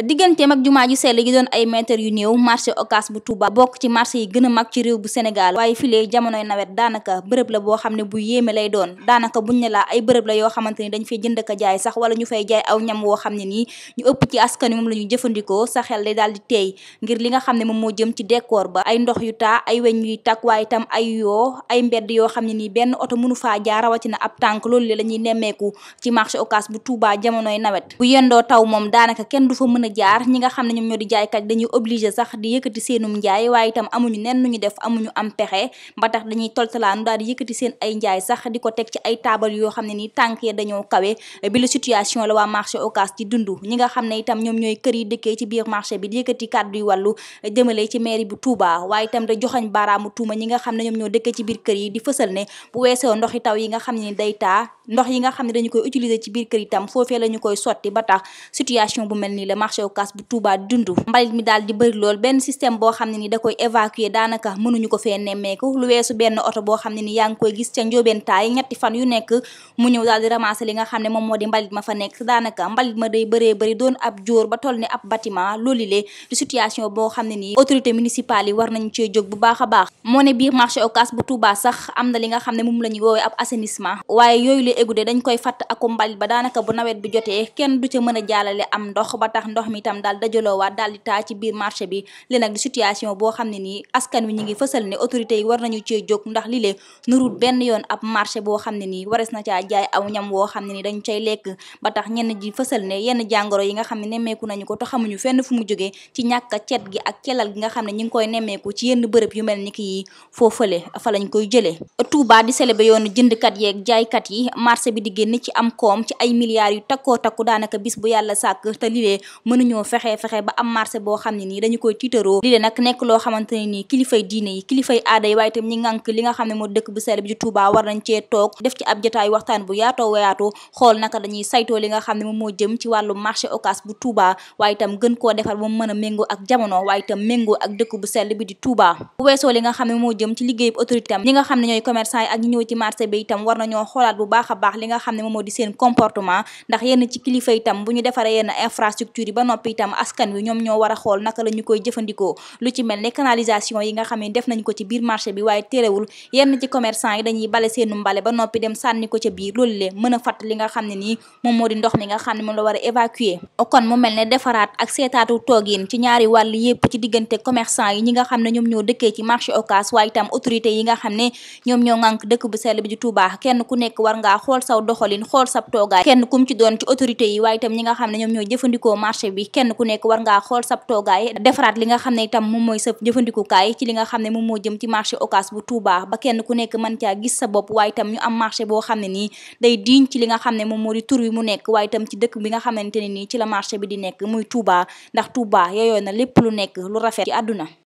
digganteem ak jumaa ju sell gi doon ay yu néew marché Ocass bu Touba bokk a mag ci réew bu Sénégal waaye filee jamonoy xam ne bu yéeme lay doon daanaka buñ ne laa ay bërëb la yoo xamante ni dañ fay jënd jaay sax wala ñu fay jaay aw woo xam ne nii ñu ëpp ci askan moom la ñu jëfandikoo sa xel day daal di ngir li nga xam ne moom moo jëm ci décor ba ay ndox yu taa ay weñ yuy tak waaye itam ay yoo ay mbedd yoo xam ne nii benn oto mënu faa jaar ab tànk loolu la ñuy nemmeeku ci marché Ocass bu Touba jamonoy nawet bu yendoo taw moom daanaka kenn du fa mën mën a jaar ñi nga xam ne ñoom ñoo di jaaykat dañuy obligé sax di yëkkati seenum njaay waaye itam amuñu nen ñu def amuñu am pexe ba dañuy toltalaanu daal yëkkati seen ay njaay sax di ko teg ci ay taabal yoo xam ne ni tànk ya dañoo kawe bi la situation la waa marché Ocass di dund ñi nga xam ne itam ñoom ñooy kër yi dëkkee ci biir marché bi di yëkkati kàddu yu wàllu jëmale ci mairie bu Touba waaye itam da joxañ baaraamu tuuma ñi nga xam ne ndox yi nga xam ne dañu koy utiliser ci biir kër itam foofee la ñu koy sotti ba tax situation bu mel nii la marché Ocass bu Touba dund mbalit mi daal di bëri lool benn système boo xam ne ni da koy évacuer daanaka mënuñu ko fee nemmeeku lu weesu benn oto boo xam ne ni yaa ngi koy gis ca njóobeen ñetti fan yu nekk mu ñëw daal di ramasser li nga xam ne moom moo di mbalit ma fa nekk daanaka mbalit ma day bëree bëri doon jóor ba toll ni ab bâtiment loolu situation boo xam ne nii autorité municipale yi war nañu cee jóg bu baax a baax moo ne biir marché Ocass bu Touba sax am na li nga xam ne moom la ñuy woowe ab assainissement waaye yooyu bile égout dañ koy fatt aku mbalit ba daanaka bu nawet bi jotee kenn du ca mën a jaalale am ndox ba tax ndox mi itam daal dajaloowaat daal di taa ci biir marché bi li nag di situation boo xam ne nii askan wi ñu ngi fësal ne autorités yi war nañu cee jóg ndax li lee nurul benn yoon ab marché boo xam ne nii wares na caa jaay aw ñam woo xam ne nii dañ cay lekk ba tax ñenn ji fësal ne yenn jàngoro yi nga xam ne nemmeeku nañu ko te xamuñu fenn fu mu jógee ci ñàkk a cet gi ak celal gi nga xam ne ñi ngi koy nemmeeku ci yenn bërëb yu mel ni kii yi foofale fa lañ koy jëlee Touba di célébrer yoonu jëndkat yeeg jaaykat yi marché bi di génn ci am koom ci ay milliards yu takkoo takku daanaka bis bu yàlla sàkk te lilee mënuñoo fexe fexe ba am marché boo xam ne li nga xam ne moo dëkk bu sell bi di Touba war nañ cee toog def ci ab jotaay waxtaan bu yaatoo wayaatoo xool naka li nga xam ne moo jëm ci wàllu bu Touba a li nga xam ne ñooy commerçant yi ak ñi ñëw ci marché bi itam war nañoo xoolaat bu baax a baax li nga xam ne moom moo di seen comportement ndax yenn ci kilifa itam bu ñu defaree yenn infrastructure yi ba noppi itam askan wi ñoom ñoo war xool naka la koy jëfandikoo lu ci mel ne canalisation yi nga xam ne def nañ ko ci biir loolu lee mën a fatt li nga xam ne nii moom moo di ndox mi nga xam ne moom la war évacuer kon mu mel ne defaraat ak seetaatu toogin ci ñaari wàll yépp ci diggante commerçant yi ñi nga xam ne ñoom ñoo dëkkee xool saw doxalin xool sab toogaay kenn kum ci doon ci autorité yi waaye itam ñi nga xam ne ñoom ñooy jëfandikoo marché bi kenn ku nekk war ngaa xool sab toogaay defaraat li nga xam ne itam moom mooy sa jëfandikukaay ci li nga xam ne moom moo jëm ci marché Ocass bu Touba ba kenn ku nekk mën caa gis sa bopp itam ñu am marché boo xam ne nii day diñ ci li nga xam ne moo di tur wi mu nekk waaye itam ci dëkk bi nga xamante ne ni ci la marché bi di nekk muy Touba ndax Touba yooyoon na lépp lu nekk lu rafet ci àdduna